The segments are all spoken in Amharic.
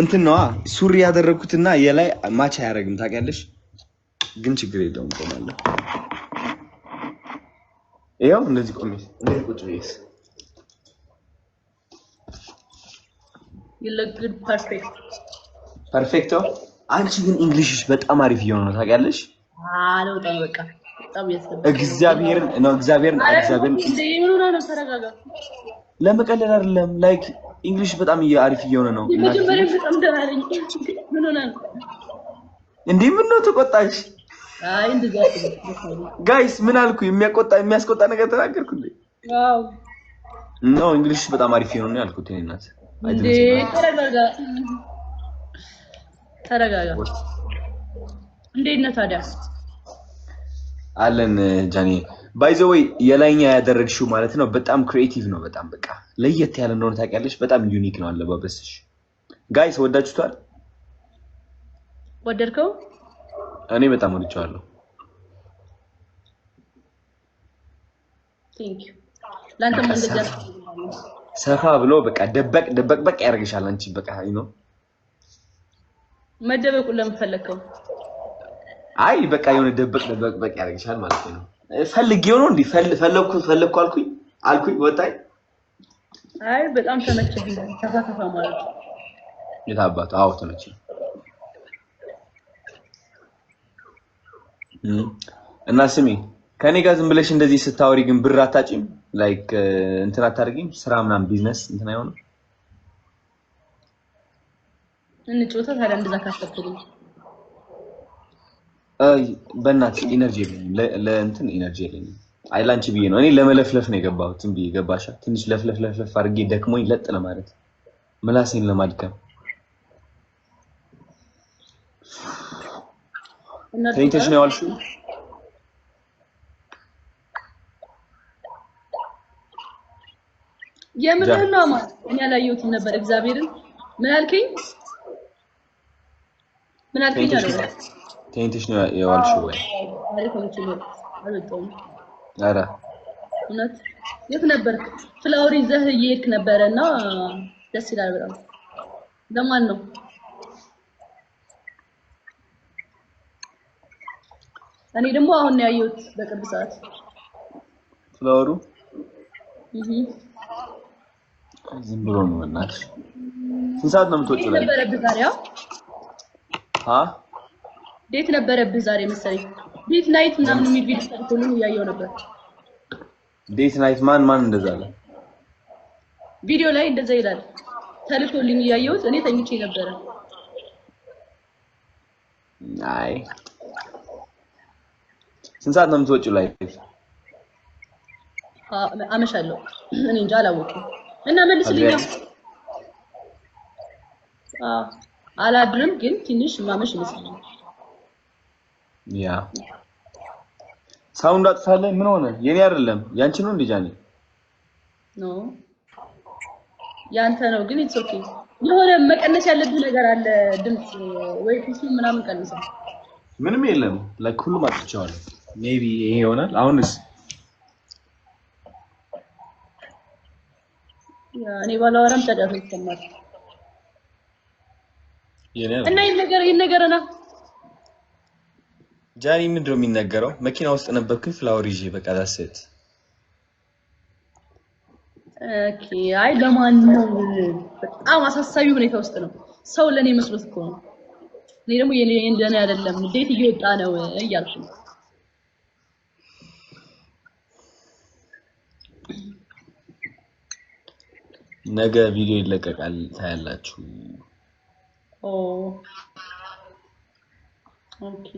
እንትን ነዋ ሱሪ ያደረግኩትና የላይ ማች አያደርግም ታውቂያለሽ። ግን ችግር የለውም ቆማለሁ። ይኸው እንደዚህ ቆሜ እንደዚህ ቁጭ ብዬሽ ፐርፌክቶ። አንቺ ግን እንግሊሽሽ በጣም አሪፍ እየሆነ ነው ታውቂያለሽ። እግዚአብሔርን ነው እግዚአብሔርን እግዚአብሔርን ለመቀለል አይደለም ላይክ እንግሊሽ በጣም አሪፍ እየሆነ ነው። እንዴ ምን ነው ተቆጣሽ? ጋይስ ምን አልኩ? የሚያቆጣ የሚያስቆጣ ነገር ተናገርኩ እንዴ? አዎ ኖ እንግሊሽ በጣም አሪፍ እየሆነ ነው ያልኩት። እኔ እናት ተረጋጋ፣ ተረጋጋ። እንዴት ነህ ታዲያ? አለን ጃኒ ባይዘወይ የላይኛ ያደረግሽው ማለት ነው። በጣም ክሪኤቲቭ ነው። በጣም በቃ ለየት ያለ እንደሆነ ታውቂያለሽ። በጣም ዩኒክ ነው አለባበስሽ። ጋይስ ወዳችሁታል? ወደድከው? እኔ በጣም ወድቸዋለሁ። ሰፋ ብሎ በቃ ደበቅ ደበቅ በቃ ያደርግሻል። አንቺ በቃ ነው መደበቁ ለምፈለግከው? አይ በቃ የሆነ ደበቅ ደበቅ በቃ ያደርግሻል ማለት ነው። ፈልጌው ነው እንዲ ፈለግኩ ፈለግኩ አልኩኝ አልኩኝ ወጣኝ። አይ በጣም ተመቸኝ። ተሳተፈ ማለት ነው የታባት አዎ ተመቸኝ። እና ስሚ ከኔ ጋር ዝም ብለሽ እንደዚህ ስታወሪ ግን ብር አታጭም። ላይክ እንትን አታደርጊም። ስራ ምናምን ቢዝነስ እንትን አይሆንም። እንጫወታ ታዲያ እንደዛ ካሰብኩኝ በእናትሽ ኢነርጂ ለእንትን ኢነርጂ የለኝም። አይ ላንቺ ብዬ ነው እኔ ለመለፍለፍ ነው የገባሁት። ዝም ብዬ ገባሻ? ትንሽ ለፍለፍለፍለፍ ለፍለፍ አድርጌ ደክሞኝ ለጥ ለማለት ምላሴን ለማድከም ተኝተሽ ነው ያልሽው? የምርህን ነው ማለት እኔ አላየሁትም ነበር። እግዚአብሔርን ምን አልከኝ? ምን አልከኝ? ተኝተሽ ነው የዋልሽ ወይ? ኧረ እውነት የት ነበርክ? ፍላወር ይዘህ እየሄድክ ነበረ እና ደስ ይላል በጣም። ለማን ነው እኔ ደግሞ አሁን ነው ያየሁት በቅርብ ሰዓት ዝም ብሎ ነው። እናትሽ ስንት ሰዓት ነው የምትወጪው? ዛሬ አ ዴት ነበረብህ ዛሬ መሰለኝ። ዴት ናይት ምናምን የሚል ቪዲዮ ሰርቶልኝ እያየው ነበር። ዴት ናይት ማን ማን እንደዛ አለ? ቪዲዮ ላይ እንደዛ ይላል። ተልኮልኝ እያየሁት እኔ ተኝቼ ነበረ። አይ ስንት ሰዓት ነው የምትወጪው? ላይ አመሻለሁ። እኔ እንጃ አላወቅኩም። እና መልስልኝ። አላድርም ግን ትንሽ ማመሽ ይመስለኛል። ያ ሳውንድ አጥፋለህ? ምን ሆነ? የኔ አይደለም ያንቺ ነው እንዴ ጃኒ? ኖ ያንተ ነው ግን ኢትስ ኦኬ። የሆነ መቀነስ ያለብህ ነገር አለ ድምፅ ወይ ፊሱ ምናምን ቀንሰ። ምንም የለም ላይክ ሁሉም አጥቻለሁ። ሜቢ ይሄ ይሆናል። አሁንስ እኔ ባላወራም ተዳፈ ይሰማል። የኔ እና ይነገር ይነገረና ጃኒ ምንድነው የሚነገረው? መኪና ውስጥ ነበርኩኝ ፍላወር ይዤ በቃ ዳሴት። አይ ለማን ነው? በጣም አሳሳቢ ሁኔታ ውስጥ ነው። ሰው ለኔ መስሎት እኮ ነው። እኔ ደግሞ የኔ እንደኔ አይደለም እንዴት እየወጣ ነው እያልኩ ነው። ነገ ቪዲዮ ይለቀቃል ታያላችሁ። ኦ ኦኬ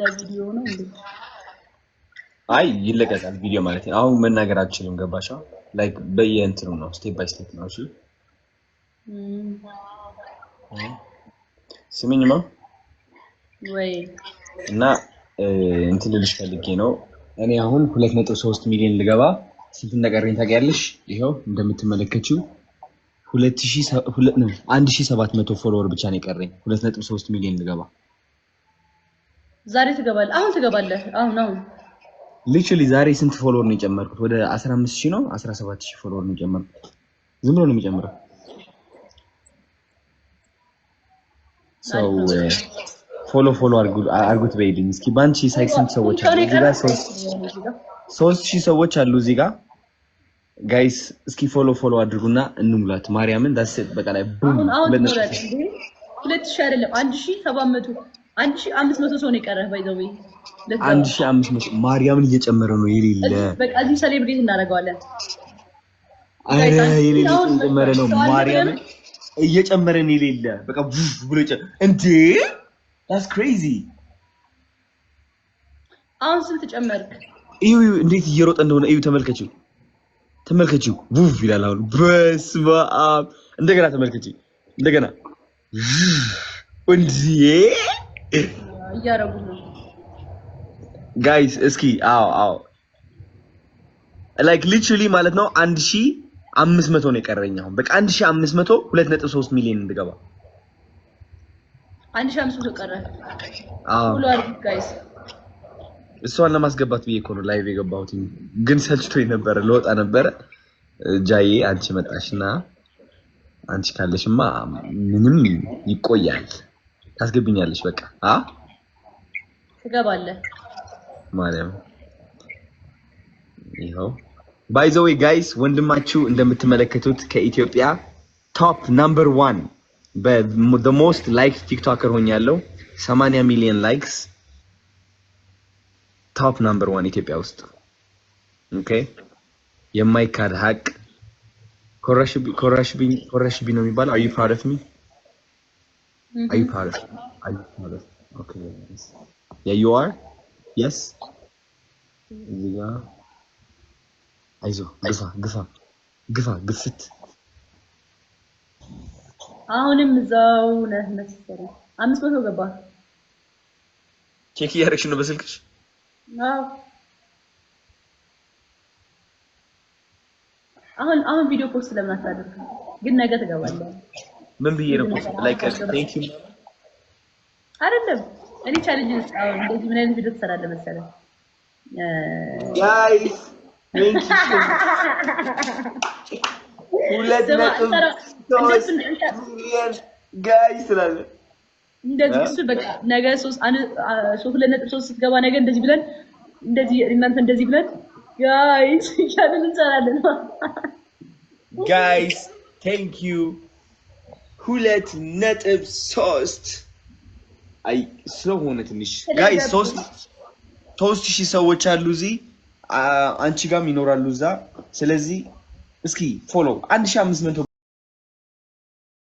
ለቪዲዮ ነው እንዴ? አይ ይለቀቃል። ቪዲዮ ማለት ነው። አሁን መናገር አልችልም። ገባሻ? ላይክ በየእንትኑ ነው፣ ስቴፕ ባይ ስቴፕ ነው። እሺ ስሚኝማ ወይ እና እንትን ልልሽ ፈልጌ ነው። እኔ አሁን ሁለት ነጥብ ሶስት ሚሊዮን ልገባ ስንት እንደቀረኝ ታውቂያለሽ? ይኸው እንደምትመለከችው ሁለት ሺህ አንድ ሺህ ሰባት መቶ ፎሎወር ብቻ ነው የቀረኝ ሁለት ነጥብ ሶስት ሚሊዮን ልገባ ዛሬ ትገባለህ። አሁን ትገባለህ። አሁን አሁን ሊችሊ ዛሬ ስንት ፎሎወር ነው የጨመርኩት? ወደ 15 ሺህ ነው 17 ሺህ ፎሎወር ነው የጨመርኩት። ዝም ብሎ ነው የሚጨምረው ሰው። ፎሎ ፎሎ አርጉት በይልኝ እስኪ። በአንቺ ሳይት ስንት ሰዎች አሉ? እዚህ ጋር ሶስት ሺህ ሰዎች አሉ እዚህ ጋር ጋይስ። እስኪ ፎሎ ፎሎ አድርጉና እንሙላት ማርያምን። ዳስ በቃ ላይ ቡም ሁለት ሺህ አይደለም አንድ ሺህ ሰባት መቶ አንድ ሺህ አምስት መቶ ሰው ነው የቀረህ። ባይዘዌ አንድ ሺህ አምስት መቶ ማርያምን እየጨመረ ነው የሌለ በቃ እዚህ ሴሌብሬት እናደርገዋለን። አረ የሌለ እየጨመረ ነው ማርያምን እየጨመረን የሌለ በቃ ብሎ እንዴ ዳስ ክሬዚ። አሁን ስንት ጨመርክ? እዩ እንዴት እየሮጠ እንደሆነ እዩ። ተመልከችው፣ ተመልከችው ቡፍ ይላል አሁን። በስመ አብ እንደገና እንደገና እንዴ እያረጉ ነው ጋይስ። እስኪ አዎ አዎ ላይክ ሊትራሊ ማለት ነው አንድ ሺ አምስት መቶ ነው የቀረኝ አሁን በቃ አንድ ሺ አምስት መቶ ሁለት ነጥብ ሶስት ሚሊዮን እንድገባ አንድ ሺ አምስት መቶ ቀረ። እሷን ለማስገባት ብዬ እኮ ነው ላይቭ የገባሁት፣ ግን ሰልችቶኝ ነበረ ለወጣ ነበረ። ጃዬ አንቺ መጣሽና አንቺ ካለሽማ ምንም ይቆያል። ታስገብኛለሽ። በቃ አ ትገባለህ ማርያም። ይኸው ባይ ዘ ዌይ ጋይስ ወንድማችሁ እንደምትመለከቱት ከኢትዮጵያ ቶፕ ናምበር ዋን ሞስት ላይክ ቲክቶከር ሆኛለሁ። 80 ሚሊዮን ላይክስ ቶፕ ናምበር ዋን ኢትዮጵያ ውስጥ ኦኬ። የማይካድ ሀቅ ኮራሽ ቢ ነው የሚባለው። አዩ ፕራውድ ኦፍ ሚ Are you proud of? Are you proud of? Okay. Yes. Yeah, you are. Yes. እዚህ አይዞ ግፋ ግፋ ግፋ ግፍት አሁንም እዛው ነህ መሰለኝ። አምስት መቶ ገባ። ቼክ እያደረግሽ ነው በስልክሽ? አሁን አሁን ቪዲዮ ፖስት ለምን አታደርግም? ግን ነገ ትገባለህ። ምን ብዬ ነው ላይክ ቴንክ ዩ አይደለም። እኔ ቻሌንጅ ልስጣው። እንደዚህ ምን አይነት ቪዲዮ ትሰራለህ መሰለህ? ጋይስ ቴንክ ዩ ሁለት ነጥብ ጋይስ ስላለ እንደዚህ እሱ በቃ ነገ ሁለት ነጥብ ሶስት ስትገባ ነገ እንደዚህ ብለን እንደዚህ እናንተ እንደዚህ ብለን ጋይስ እያልን እንሰራለን። ጋይስ ቴንክ ዩ ሁለት ነጥብ ሶስት አይ ስለሆነ ትንሽ ጋይ ሶስት ሶስት ሺህ ሰዎች አሉ እዚህ አንቺ ጋም ይኖራሉ እዛ። ስለዚህ እስኪ ፎሎ አንድ ሺህ አምስት መቶ